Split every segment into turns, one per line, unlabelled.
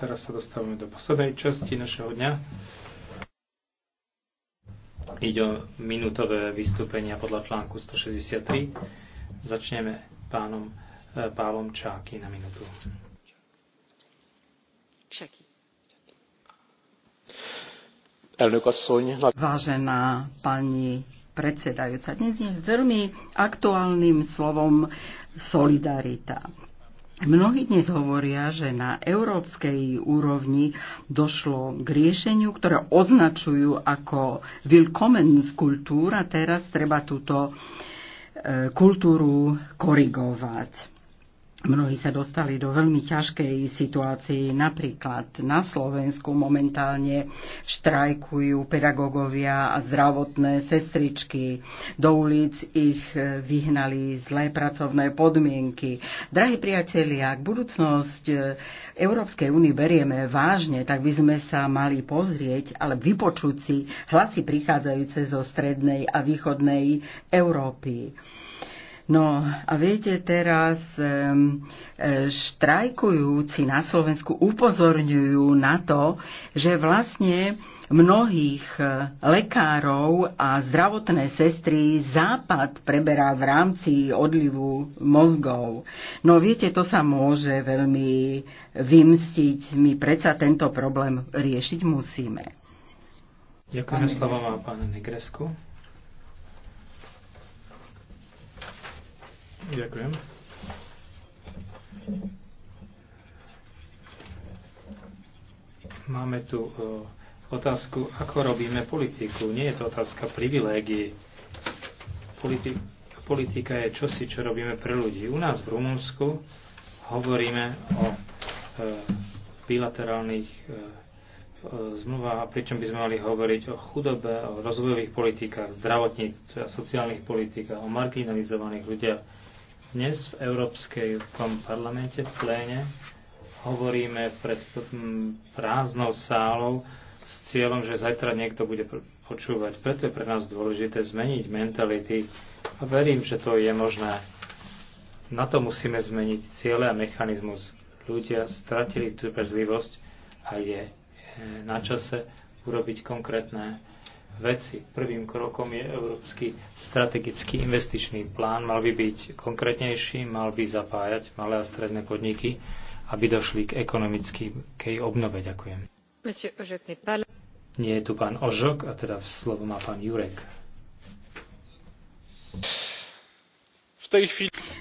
Teraz sa dostávame do poslednej časti našeho dňa. Ide o minútové vystúpenia podľa článku 163. Začneme pánom eh, Pálom Čáky na minútu. Čaky.
Vážená pani predsedajúca, dnes je veľmi aktuálnym slovom solidarita Mnohí dnes hovoria, že na európskej úrovni došlo k riešeniu, ktoré označujú ako Willkommenskultúra. Teraz treba túto e, kultúru korigovať. Mnohí sa dostali do veľmi ťažkej situácii. Napríklad na Slovensku momentálne štrajkujú pedagógovia a zdravotné sestričky. Do ulic ich e, vyhnali zlé pracovné podmienky. Drahí priatelia, ak budúcnosť e, Európskej únie berieme vážne, tak by sme sa mali pozrieť, ale vypočuť si hlasy prichádzajúce zo strednej a východnej Európy No a viete, teraz e, štrajkujúci na Slovensku upozorňujú na to, že vlastne mnohých e, lekárov a zdravotné sestry Západ preberá v rámci odlivu mozgov. No viete, to sa môže veľmi vymstiť. My predsa tento problém riešiť musíme. Ďakujem, slovo pán
pána Negresku. Ďakujem. Máme tu e, otázku, ako robíme politiku. Nie je to otázka privilégií. Politi- politika je čosi, čo robíme pre ľudí. U nás v Rumunsku hovoríme o e, bilaterálnych e, e zmluvách, pričom by sme mali hovoriť o chudobe, o rozvojových politikách, zdravotníctve a sociálnych politikách, o marginalizovaných ľuďach, dnes v Európskej parlamente v pléne hovoríme pred prázdnou sálou s cieľom, že zajtra niekto bude počúvať. Preto je pre nás dôležité zmeniť mentality a verím, že to je možné. Na to musíme zmeniť ciele a mechanizmus. Ľudia stratili trpezlivosť a je e, na čase urobiť konkrétne veci. Prvým krokom je Európsky strategický investičný plán. Mal by byť konkrétnejší, mal by zapájať malé a stredné podniky, aby došli k ekonomickej obnove. Ďakujem. Nie je tu pán Ožok, a teda slovo má pán Jurek.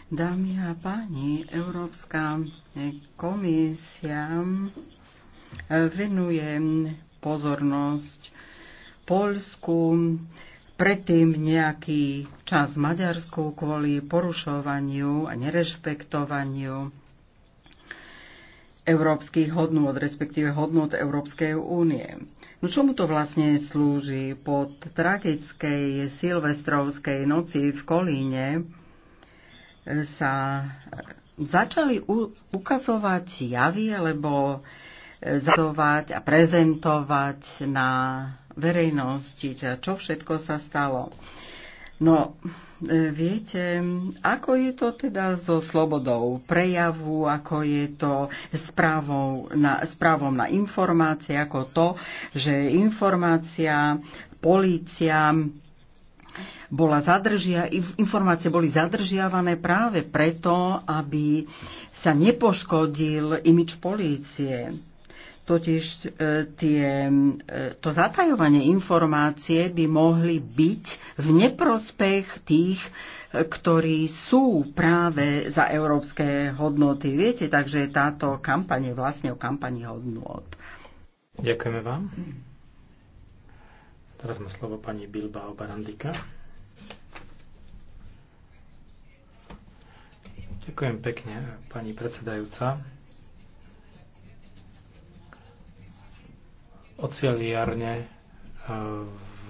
Dámy a páni, Európska komisia venuje pozornosť Polsku, predtým nejaký čas v Maďarsku kvôli porušovaniu a nerešpektovaniu európskych hodnot, respektíve hodnot Európskej únie. No čomu to vlastne slúži? Po tragickej silvestrovskej noci v Kolíne eh, sa eh, začali ukazovať javy alebo eh, zadovať a prezentovať na verejnosti, teda čo všetko sa stalo. No, e, viete, ako je to teda so slobodou prejavu, ako je to s právom na, s právom na informácie, ako to, že informácia, polícia bola zadržia, informácie boli zadržiavané práve preto, aby sa nepoškodil imič polície. Totiž e, tie, e, to zatajovanie informácie by mohli byť v neprospech tých, ktorí sú práve za európske hodnoty. Viete, takže táto kampaň je vlastne o kampani
hodnot. Ďakujeme vám. Teraz má slovo pani Bilbao Barandika. Ďakujem pekne, pani predsedajúca. oceliarne, e, v,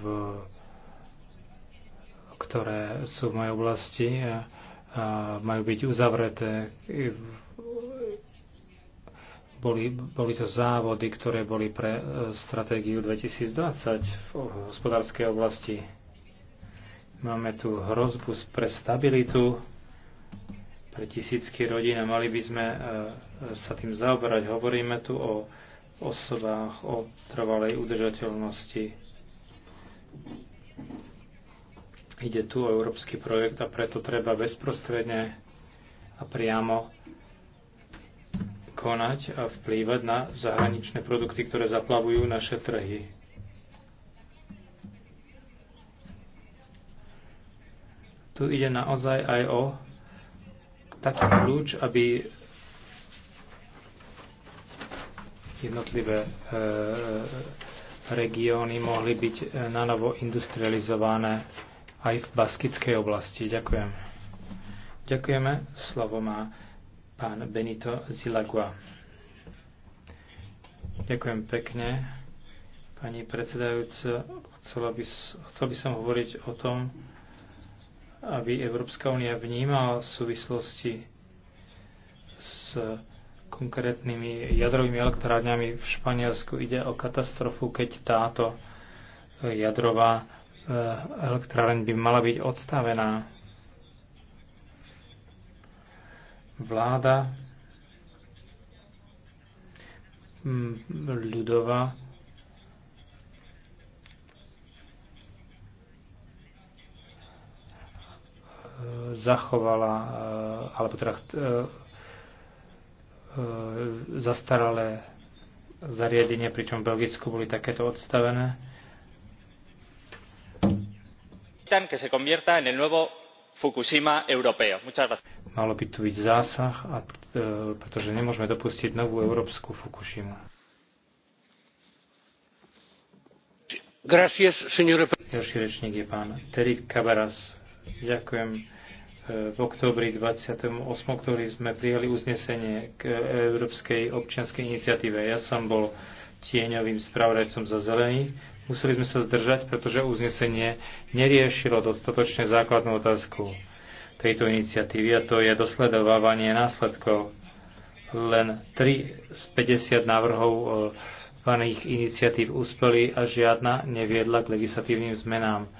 ktoré sú v mojej oblasti, e, majú byť uzavreté. Boli, boli to závody, ktoré boli pre e, stratégiu 2020 v hospodárskej oblasti. Máme tu hrozbu pre stabilitu, pre tisícky rodín a mali by sme sa tým zaoberať. Hovoríme tu o osobách, o trvalej udržateľnosti. Ide tu o európsky projekt a preto treba bezprostredne a priamo konať a vplývať na zahraničné produkty, ktoré zaplavujú naše trhy. Tu ide naozaj aj o taký kľúč, aby jednotlivé e, regióny mohli byť e, nanovo industrializované aj v baskickej oblasti. Ďakujem. Ďakujeme. Slovo má pán Benito Zilagua. Ďakujem pekne. Pani predsedajúca, by, chcel by som hovoriť o tom, aby Európska únia vnímala v súvislosti s konkrétnymi jadrovými elektrárňami v Španielsku. Ide o katastrofu, keď táto eh, jadrová eh, elektráreň by mala byť odstavená. Vláda hm, ľudová eh, zachovala, alebo teda E, zastaralé zariadenie, pričom v Belgicku boli takéto odstavené. que se convierta en el nuevo Fukushima europeo. Muchas gracias. Malo by tu byť zásah, a, e, pretože nemôžeme dopustiť novú európsku Fukushima. Gracias, señor... Ďalší rečník je pán Terit Kabaras. Ďakujem v oktobri 28, ktorý sme prijali uznesenie k Európskej občianskej iniciatíve. Ja som bol tieňovým spravodajcom za zelených. Museli sme sa zdržať, pretože uznesenie neriešilo dostatočne základnú otázku tejto iniciatívy a to je dosledovávanie následkov. Len 3 z 50 návrhov vaných iniciatív uspeli a žiadna neviedla k legislatívnym zmenám.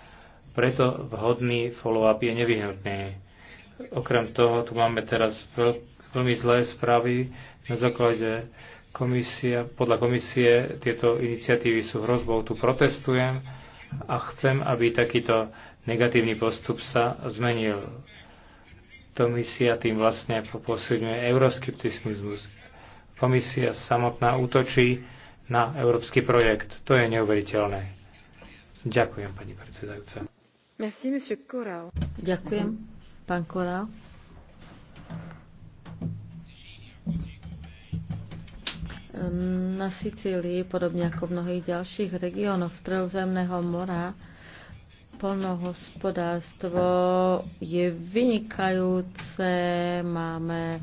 Preto vhodný follow-up je nevyhnutný Okrem toho, tu máme teraz veľ, veľmi zlé správy na základe komisia, podľa komisie tieto iniciatívy sú hrozbou, tu protestujem a chcem, aby takýto negatívny postup sa zmenil. Komisia tým vlastne posilňuje euroskepticizmus. Komisia samotná útočí na európsky projekt. To je neuveriteľné. Ďakujem, pani predsedajúca.
Merci, monsieur Corral. Ďakujem. Pán Korál. Na Sicílii, podobne ako v mnohých ďalších regiónoch Stredozemného mora, polnohospodárstvo je vynikajúce. Máme e,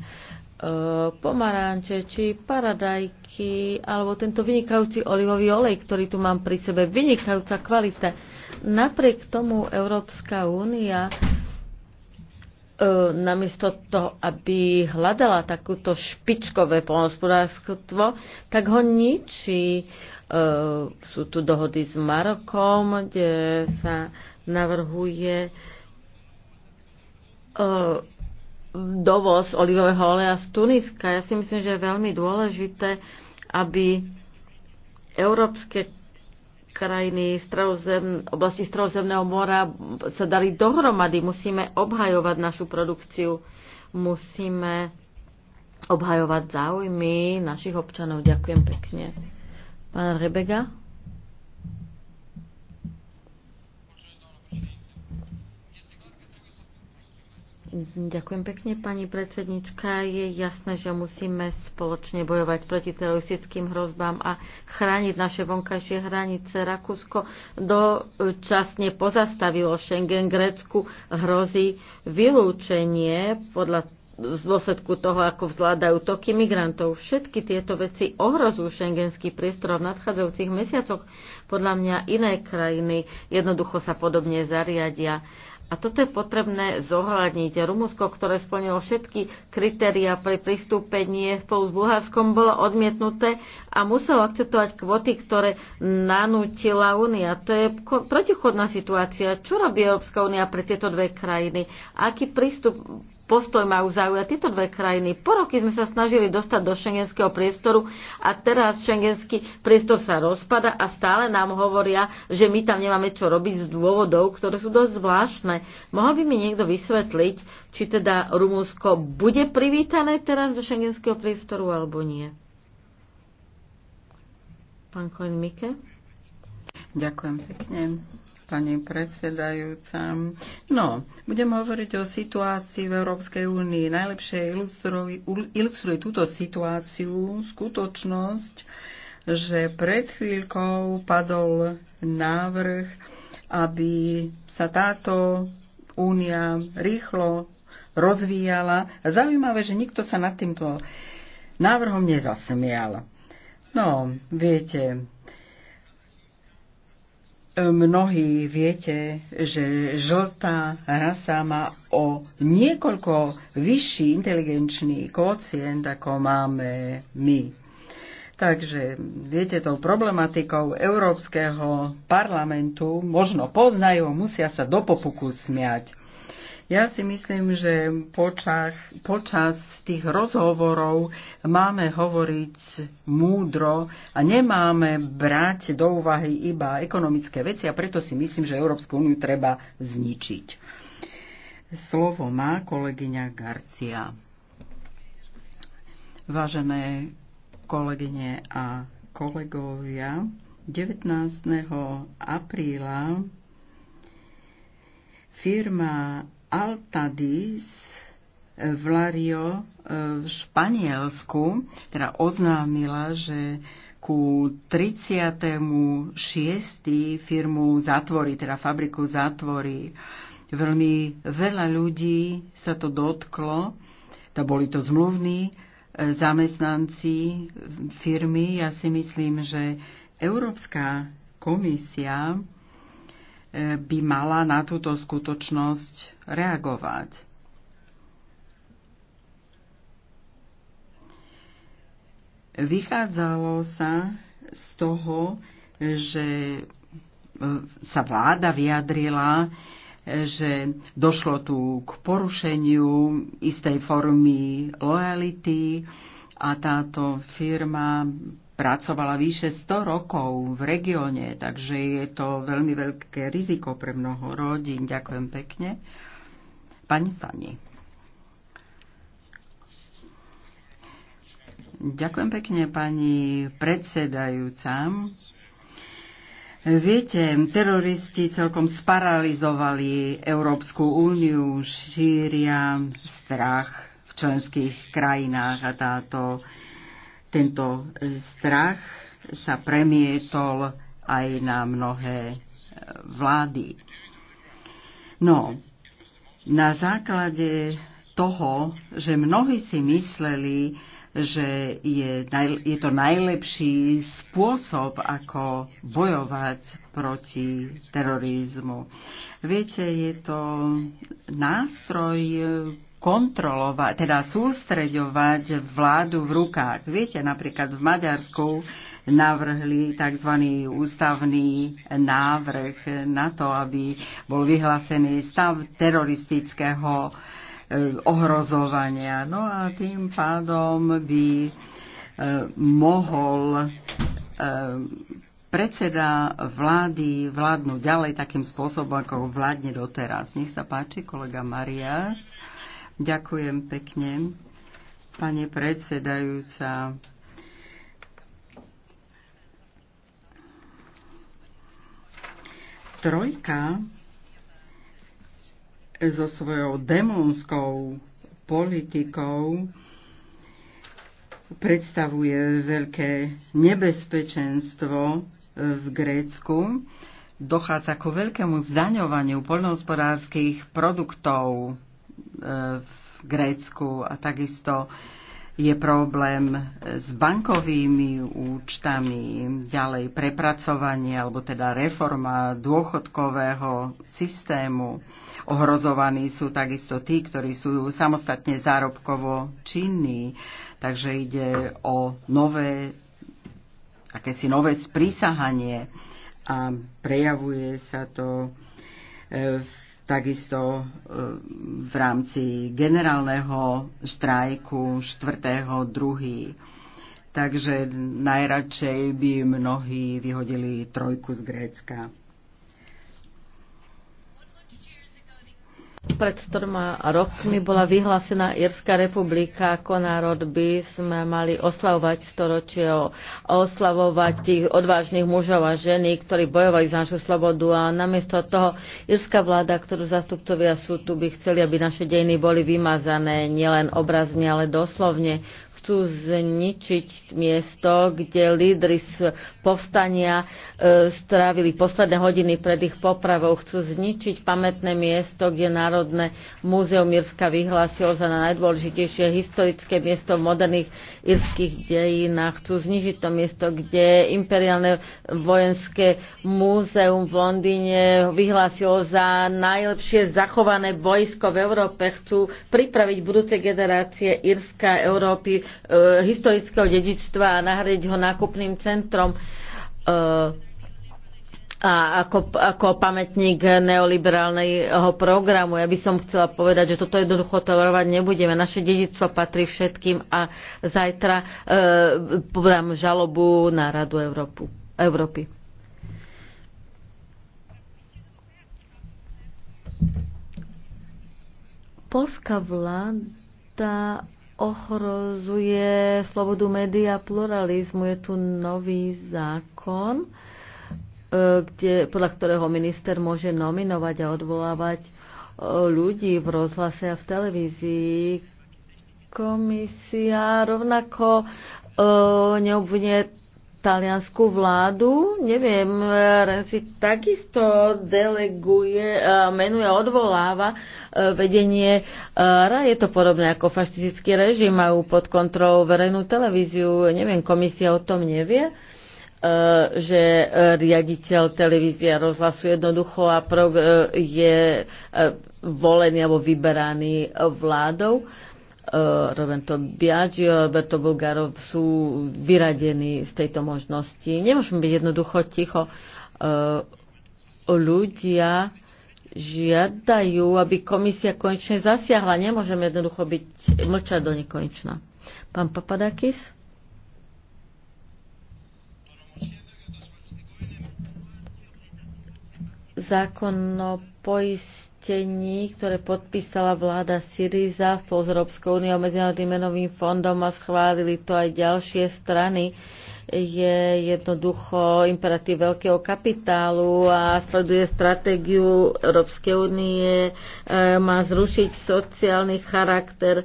pomaranče či paradajky, alebo tento vynikajúci olivový olej, ktorý tu mám pri sebe, vynikajúca kvalita. Napriek tomu Európska únia E, namiesto toho, aby hľadala takúto špičkové polnospodárstvo, tak ho ničí. E, sú tu dohody s Marokom, kde sa navrhuje e, dovoz olivového oleja z Tuniska. Ja si myslím, že je veľmi dôležité, aby európske krajiny stravozem, oblasti Strozemného mora sa dali dohromady. Musíme obhajovať našu produkciu, musíme obhajovať záujmy našich občanov. Ďakujem pekne. Pán Rebega? Ďakujem pekne, pani predsednička. Je jasné, že musíme spoločne bojovať proti teroristickým hrozbám a chrániť naše vonkajšie hranice. Rakúsko dočasne pozastavilo Schengen. Grécku hrozí vylúčenie podľa z dôsledku toho, ako vzládajú toky migrantov. Všetky tieto veci ohrozujú šengenský priestor v nadchádzajúcich mesiacoch. Podľa mňa iné krajiny jednoducho sa podobne zariadia. A toto je potrebné zohľadniť. Rumunsko, ktoré splnilo všetky kritéria pre pristúpenie spolu s Bulharskom, bolo odmietnuté a muselo akceptovať kvoty, ktoré nanútila Únia. To je protichodná situácia. Čo robí Európska únia pre tieto dve krajiny? Aký prístup postoj majú zaujať tieto dve krajiny. Po roky sme sa snažili dostať do šengenského priestoru a teraz šengenský priestor sa rozpada a stále nám hovoria, že my tam nemáme čo robiť z dôvodov, ktoré sú dosť zvláštne. Mohol by mi niekto vysvetliť, či teda Rumúnsko bude privítané teraz do šengenského priestoru alebo nie?
Pán Koen Mike? Ďakujem pekne pani predsedajúca. No, budem hovoriť o situácii v Európskej únii. Najlepšie ilustruje, ilustruje túto situáciu skutočnosť, že pred chvíľkou padol návrh, aby sa táto únia rýchlo rozvíjala. Zaujímavé, že nikto sa nad týmto návrhom nezasmial. No, viete, Mnohí viete, že žltá rasa má o niekoľko vyšší inteligenčný kocient, ako máme my. Takže viete, tou problematikou Európskeho parlamentu možno poznajú, musia sa do popuku smiať. Ja si myslím, že počas, počas tých rozhovorov máme hovoriť múdro a nemáme brať do úvahy iba ekonomické veci a preto si myslím, že Európsku úniu treba zničiť. Slovo má kolegyňa Garcia. Vážené kolegyne a kolegovia, 19. apríla firma Altadis eh, v Lario eh, v Španielsku teda oznámila, že ku 36. firmu zatvorí, teda fabriku zatvorí. Veľmi veľa ľudí sa to dotklo, to boli to zmluvní eh, zamestnanci firmy. Ja si myslím, že Európska komisia by mala na túto skutočnosť reagovať. Vychádzalo sa z toho, že e, sa vláda vyjadrila, e, že došlo tu k porušeniu istej formy lojality a táto firma pracovala vyše 100 rokov v regióne, takže je to veľmi veľké riziko pre mnoho rodín. Ďakujem pekne. Pani Sani. Ďakujem pekne, pani predsedajúca. Viete, teroristi celkom sparalizovali Európsku úniu, šíria strach v členských krajinách a táto tento strach sa premietol aj na mnohé e, vlády. No, na základe toho, že mnohí si mysleli, že je, je to najlepší spôsob, ako bojovať proti terorizmu. Viete, je to nástroj kontrolovať, teda sústreďovať vládu v rukách. Viete, napríklad v Maďarsku navrhli tzv. ústavný návrh na to, aby bol vyhlásený stav teroristického e, ohrozovania. No a tým pádom by e, mohol e, predseda vlády vládnu ďalej takým spôsobom, ako vládne doteraz. Nech sa páči, kolega Marias. Ďakujem pekne, pani predsedajúca. Trojka so svojou demonskou politikou predstavuje veľké nebezpečenstvo v Grécku. Dochádza ku veľkému zdaňovaniu poľnohospodárskych produktov v Grécku a takisto je problém s bankovými účtami, ďalej prepracovanie alebo teda reforma dôchodkového systému. Ohrozovaní sú takisto tí, ktorí sú samostatne zárobkovo činní, takže ide o nové, akési nové sprísahanie a prejavuje sa to e, v takisto e, v rámci generálneho štrajku 4.2. Takže najradšej by mnohí vyhodili trojku z Grécka.
pred troma rokmi bola vyhlásená Irská republika ako národ by sme mali oslavovať storočie, oslavovať tých odvážnych mužov a ženy, ktorí bojovali za našu slobodu a namiesto toho Irská vláda, ktorú zastupcovia sú tu, by chceli, aby naše dejiny boli vymazané nielen obrazne, ale doslovne chcú zničiť miesto, kde lídry z povstania e, strávili posledné hodiny pred ich popravou. Chcú zničiť pamätné miesto, kde Národné múzeum Mirska vyhlásilo za najdôležitejšie historické miesto v moderných irských dejinách. Chcú znižiť to miesto, kde imperiálne vojenské múzeum v Londýne vyhlásilo za najlepšie zachované boisko v Európe. Chcú pripraviť budúce generácie Írska Európy Eh, historického dedičstva a nahradiť ho nákupným centrom eh, a ako, ako pamätník neoliberálneho programu. Ja by som chcela povedať, že toto jednoducho tolerovať nebudeme. Naše dedictvo patrí všetkým a zajtra e, podám žalobu na Radu Európu, Európy. Polská vláda ohrozuje slobodu médií a pluralizmu. Je tu nový zákon, e, kde, podľa ktorého minister môže nominovať a odvolávať e, ľudí v rozhlase a v televízii. Komisia rovnako e, neobvinie taliansku vládu, neviem, eh, si takisto deleguje, eh, menuje, odvoláva eh, vedenie RA. Je to podobné ako fašistický režim, majú pod kontrolou verejnú televíziu, neviem, komisia o tom nevie že riaditeľ televízia rozhlasu jednoducho a je volený alebo vyberaný vládou Eh, Roberto Biagio, Roberto Bulgarov sú vyradení z tejto možnosti. Nemôžeme byť jednoducho ticho. Eh, ľudia žiadajú, aby komisia konečne zasiahla. Nemôžeme jednoducho byť mlčať do nekonečna. Pán Papadakis? zákon o poistení, ktoré podpísala vláda Syriza spolu s Európskou úniou Medzinárodným menovým fondom a schválili to aj ďalšie strany, je jednoducho imperatív veľkého kapitálu a sleduje stratégiu Európskej únie, e, má zrušiť sociálny charakter e,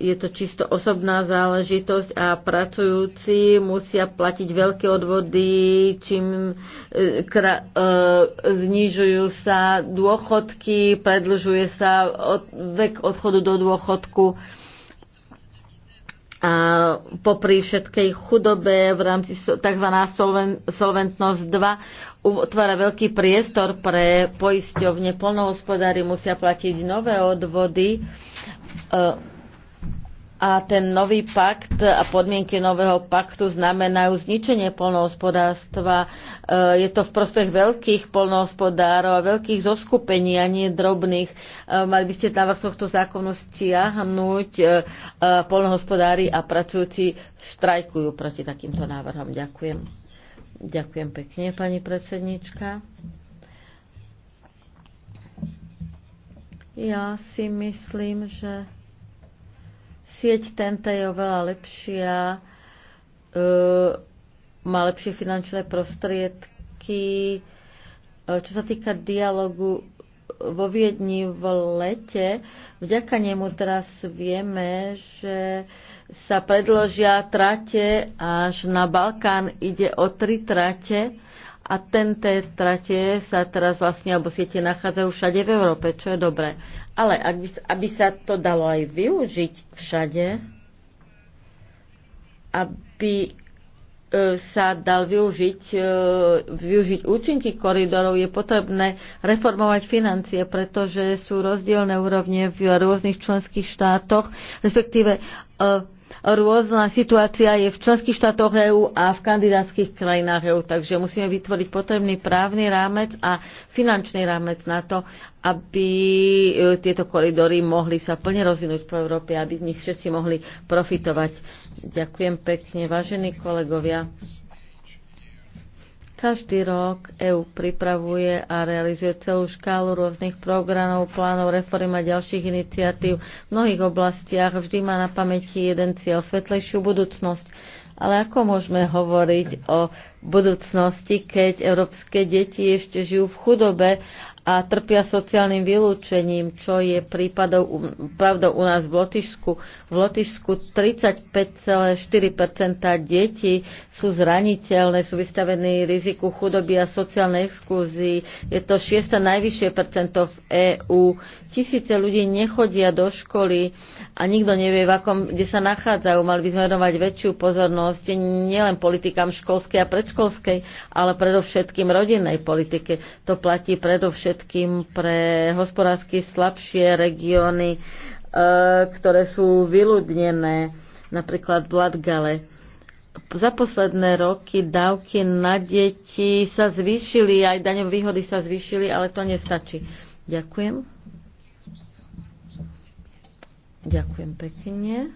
je to čisto osobná záležitosť a pracujúci musia platiť veľké odvody, čím e, kra, e, znižujú sa dôchodky, predlžuje sa od, vek odchodu do dôchodku. A popri všetkej chudobe v rámci tzv. Solven, solventnosť 2 otvára veľký priestor pre poisťovne. Polnohospodári musia platiť nové odvody. E, a ten nový pakt a podmienky nového paktu znamenajú zničenie polnohospodárstva. E, je to v prospech veľkých polnohospodárov a veľkých zoskupení a nie drobných. E, mali by ste návrh tohto zákonu stiahnuť. E, polnohospodári a pracujúci štrajkujú proti takýmto návrhom. Ďakujem. Ďakujem pekne, pani predsednička. Ja si myslím, že Sieť TNT je oveľa lepšia, e, má lepšie finančné prostriedky. E, čo sa týka dialogu vo Viedni v lete, vďaka nemu teraz vieme, že sa predložia trate až na Balkán. Ide o tri trate a tento trate sa teraz vlastne, alebo siete nachádzajú všade v Európe, čo je dobré. Ale aby, aby sa to dalo aj využiť všade, aby e, sa dal využiť, e, využiť účinky koridorov, je potrebné reformovať financie, pretože sú rozdielne úrovne v rôznych členských štátoch, respektíve e, rôzna situácia je v členských štátoch EÚ a v kandidátskych krajinách EÚ, takže musíme vytvoriť potrebný právny rámec a finančný rámec na to, aby e, tieto koridory mohli sa plne rozvinúť po Európe, aby z nich všetci mohli profitovať. Ďakujem pekne, vážení kolegovia. Každý rok EÚ pripravuje a realizuje celú škálu rôznych programov, plánov, reform a ďalších iniciatív v mnohých oblastiach. Vždy má na pamäti jeden cieľ, svetlejšiu budúcnosť. Ale ako môžeme hovoriť o budúcnosti, keď európske deti ešte žijú v chudobe a trpia sociálnym vylúčením, čo je prípadov, pravdou u nás v Lotyšsku. V Lotyšsku 35,4 detí sú zraniteľné, sú vystavení riziku chudoby a sociálnej exkluzii. Je to 6. najvyššie percento v EÚ. Tisíce ľudí nechodia do školy a nikto nevie, v akom, kde sa nachádzajú. Mali by sme venovať väčšiu pozornosť nielen politikám školskej a predškolskej, ale predovšetkým rodinnej politike. To platí predovšetkým predovšetkým pre hospodársky slabšie regióny, e, ktoré sú vyľudnené, napríklad Bladgale. Za posledné roky dávky na deti sa zvýšili, aj daňové výhody sa zvýšili, ale to nestačí. Ďakujem. Ďakujem pekne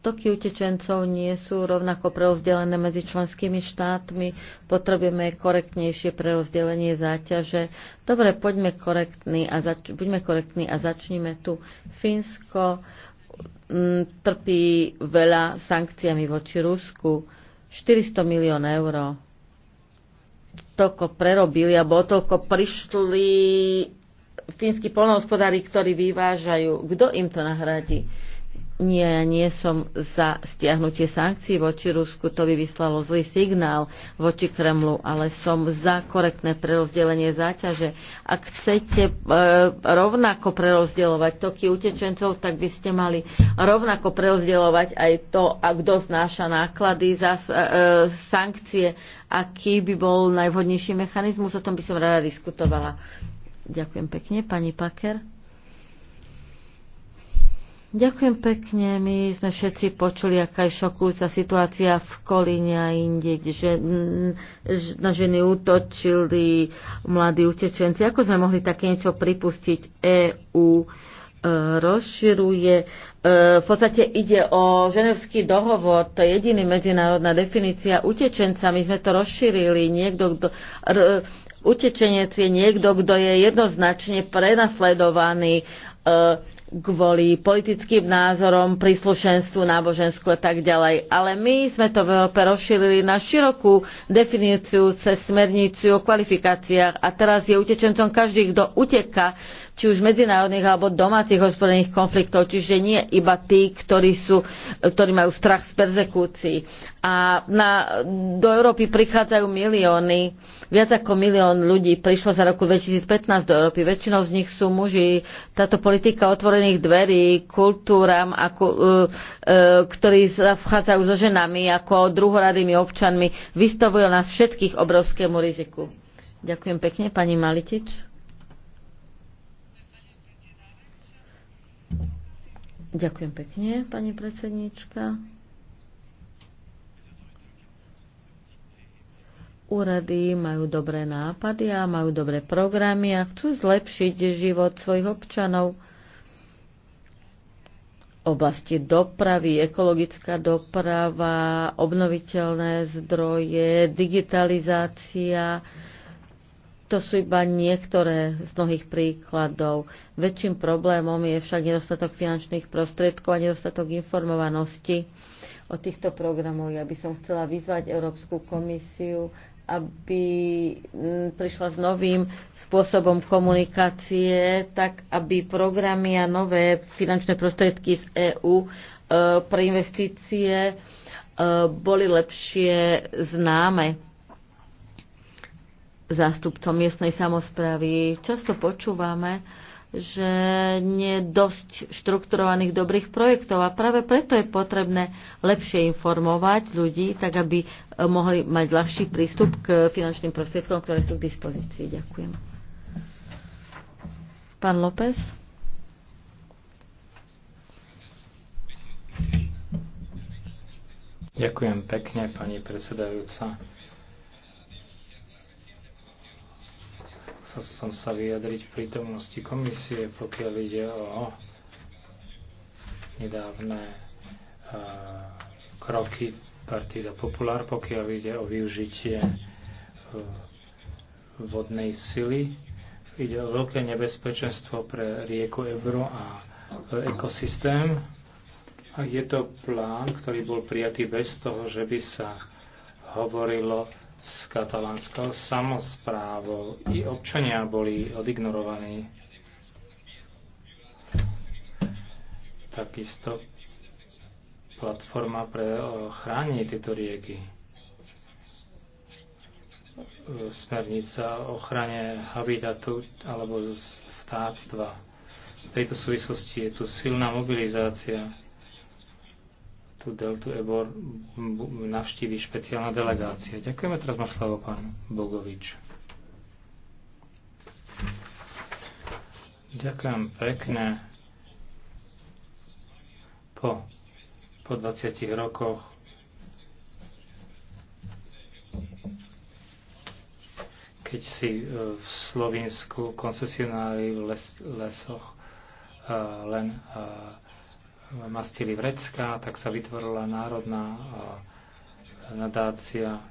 toky utečencov nie sú rovnako prerozdelené medzi členskými štátmi. Potrebujeme korektnejšie prerozdelenie záťaže. Dobre, poďme korektní a zač- buďme korektní a začnime tu. Fínsko m, mm, trpí veľa sankciami voči Rusku. 400 milión eur toľko prerobili, alebo toľko prišli fínsky polnohospodári, ktorí vyvážajú. Kto im to nahradí? Nie, ja nie som za stiahnutie sankcií voči Rusku, to by vyslalo zlý signál voči Kremlu, ale som za korektné prerozdelenie záťaže. Ak chcete e, rovnako prerozdielovať toky utečencov, tak by ste mali rovnako prerozdielovať aj to, ak kto znáša náklady za e, sankcie, aký by bol najvhodnejší mechanizmus, o tom by som rada diskutovala. Ďakujem pekne, pani Paker. Ďakujem pekne. My sme všetci počuli, aká je šokujúca situácia v Kolíne a inde, že mm, na ženy útočili mladí utečenci. Ako sme mohli také niečo pripustiť? EU e, rozširuje. E, v podstate ide o ženevský dohovor, to je jediný medzinárodná definícia utečenca. My sme to rozšírili. Niekto, kto, utečenec je niekto, kto je jednoznačne prenasledovaný e, kvôli politickým názorom, príslušenstvu, náboženstvu a tak ďalej. Ale my sme to v rozšírili na širokú definíciu cez smernicu o kvalifikáciách a teraz je utečencom každý, kto uteka či už medzinárodných alebo domácich ozbrojených konfliktov, čiže nie iba tí, ktorí, sú, ktorí majú strach z persekúcií. A na, do Európy prichádzajú milióny, viac ako milión ľudí prišlo za roku 2015 do Európy. Väčšinou z nich sú muži. Táto politika otvorených dverí kultúram, ako, uh, e, uh, e, ktorí sa vchádzajú so ženami ako druhoradými občanmi, vystavuje nás všetkých obrovskému riziku. Ďakujem pekne, pani Malitič. Ďakujem pekne, pani predsednička. Úrady majú dobré nápady a majú dobré programy a chcú zlepšiť život svojich občanov. Oblasti dopravy, ekologická doprava, obnoviteľné zdroje, digitalizácia, to sú iba niektoré z mnohých príkladov. Väčším problémom je však nedostatok finančných prostriedkov a nedostatok informovanosti o týchto programoch. Ja by som chcela vyzvať Európsku komisiu, aby prišla s novým spôsobom komunikácie, tak aby programy a nové finančné prostriedky z EÚ e, pre investície e, boli lepšie známe zástupcom miestnej samozprávy. Často počúvame, že nie je dosť štrukturovaných dobrých projektov a práve preto je potrebné lepšie informovať ľudí, tak aby eh, mohli mať ľahší prístup k finančným prostriedkom, ktoré sú k dispozícii. Ďakujem. Pán López.
Ďakujem pekne, pani predsedajúca. chcel som sa vyjadriť v prítomnosti komisie, pokiaľ ide o nedávne kroky Partida Popular, pokiaľ ide o využitie e, vodnej sily. Ide o veľké nebezpečenstvo pre rieku Ebro a ekosystém. A je to plán, ktorý bol prijatý bez toho, že by sa hovorilo s katalánskou samozprávou. I občania boli odignorovaní. Takisto platforma pre chránenie tejto rieky. Smernica o ochrane habitatu alebo vtáctva. V tejto súvislosti je tu silná mobilizácia tú deltu Ebor navštívi špeciálna delegácia. Ďakujeme teraz má slovo pán Bogovič. Ďakujem pekne. Po, po 20 rokoch keď si e, v Slovinsku koncesionári v les, lesoch e, len uh, mastili Vrecká, tak sa vytvorila národná nadácia,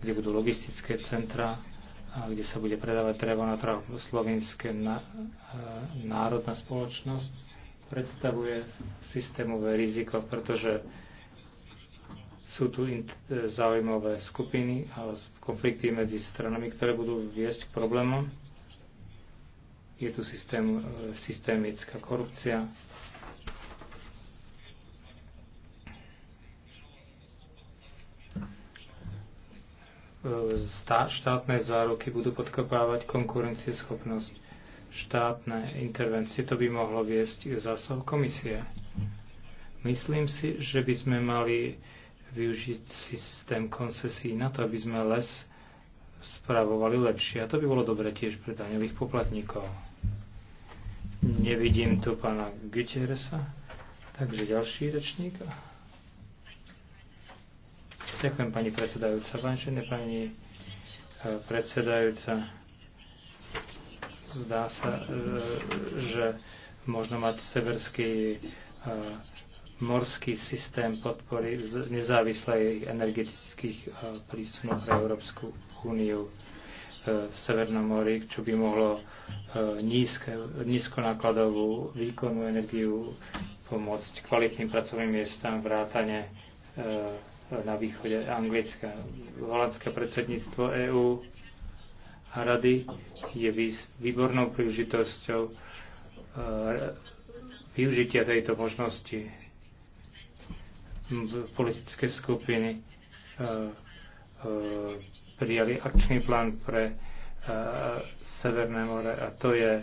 kde budú logistické centra, kde sa bude predávať drevo na trhu. Slovinské národná spoločnosť predstavuje systémové riziko, pretože sú tu e, zaujímavé skupiny a konflikty medzi stranami, ktoré budú viesť k problémom. Je tu systém, e, systémická korupcia, štátne záruky budú podkopávať konkurencieschopnosť štátne intervencie. To by mohlo viesť k zásah komisie. Myslím si, že by sme mali využiť systém koncesí na to, aby sme les spravovali lepšie. A to by bolo dobre tiež pre daňových poplatníkov. Nevidím tu pána Gutierresa, takže ďalší rečník. Ďakujem pani predsedajúca. Vážené pani e, predsedajúca, zdá sa, e, že možno mať severský e, morský systém podpory z nezávislej energetických prísunov pre Európsku úniu v Severnom mori, čo by mohlo nízkonákladovú výkonnú energiu pomôcť kvalitným pracovným miestam, vrátane E, na východe Anglická. Holandské predsedníctvo EÚ a rady je výbornou príležitosťou e, využitia tejto možnosti v politické skupiny e, prijali akčný plán pre Severné more a to je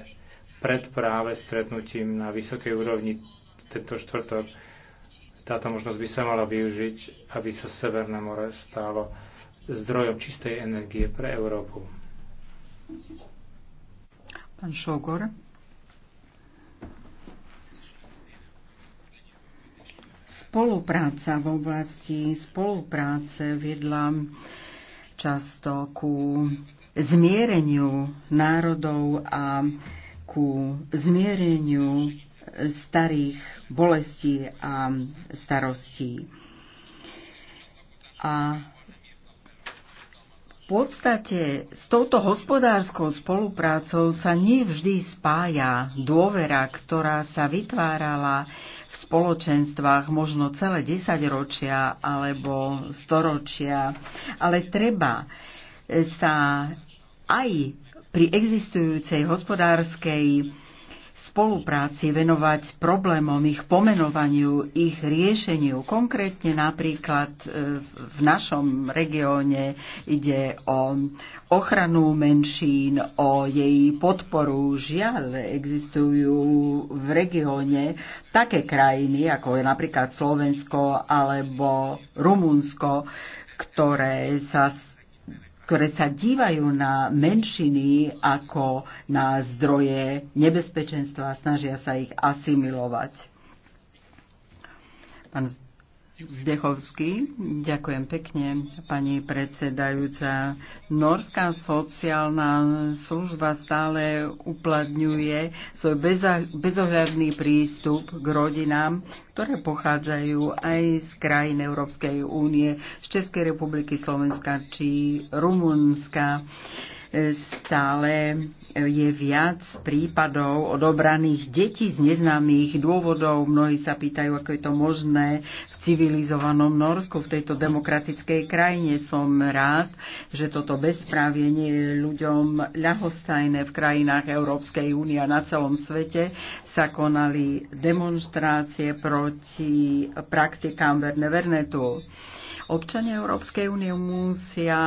pred práve stretnutím na vysokej úrovni tento štvrtok táto možnosť by sa mala využiť, aby sa Severné more stalo zdrojom čistej energie pre Európu.
Pán Šogor. Spolupráca v oblasti spolupráce viedla často ku zmiereniu národov a ku zmiereniu starých bolestí a starostí. A v podstate s touto hospodárskou spoluprácou sa nevždy spája dôvera, ktorá sa vytvárala v spoločenstvách možno celé desaťročia alebo storočia. Ale treba sa aj pri existujúcej hospodárskej spolupráci venovať problémom, ich pomenovaniu, ich riešeniu. Konkrétne napríklad e, v našom regióne ide o ochranu menšín, o jej podporu. Žiaľ, existujú v regióne také krajiny, ako je napríklad Slovensko alebo Rumunsko, ktoré sa ktoré sa dívajú na menšiny ako na zdroje nebezpečenstva a snažia sa ich asimilovať. Pán Zdechovský. Ďakujem pekne, pani predsedajúca. Norská sociálna služba stále uplatňuje svoj bezohľadný prístup k rodinám, ktoré pochádzajú aj z krajín Európskej únie, z Českej republiky, Slovenska či Rumunska stále je viac prípadov odobraných detí z neznámych dôvodov. Mnohí sa pýtajú, ako je to možné v civilizovanom Norsku, v tejto demokratickej krajine. Som rád, že toto bezprávie nie je ľuďom ľahostajné v krajinách Európskej únie a na celom svete sa konali demonstrácie proti praktikám Verne Vernetu. Občania Európskej únie musia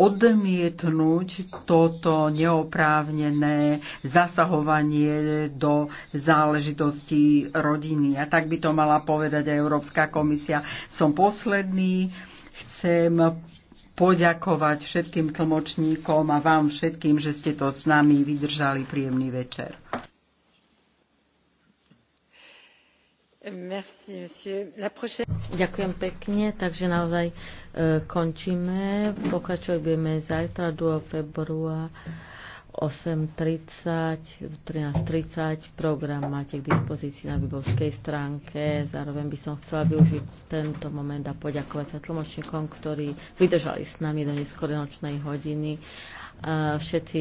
odmietnúť toto neoprávnené zasahovanie do záležitostí rodiny. A tak by to mala povedať aj Európska komisia. Som posledný, chcem poďakovať všetkým tlmočníkom a vám všetkým, že ste to s nami vydržali príjemný večer. Ďakujem pekne, takže
naozaj e, končíme. Pokračovať budeme zajtra 2. februára 8.30, 13.30. Program máte k dispozícii na Bibovskej stránke. Zároveň by som chcela využiť tento moment a poďakovať sa tlmočníkom, ktorí vydržali s nami do neskorenočnej hodiny. E, všetci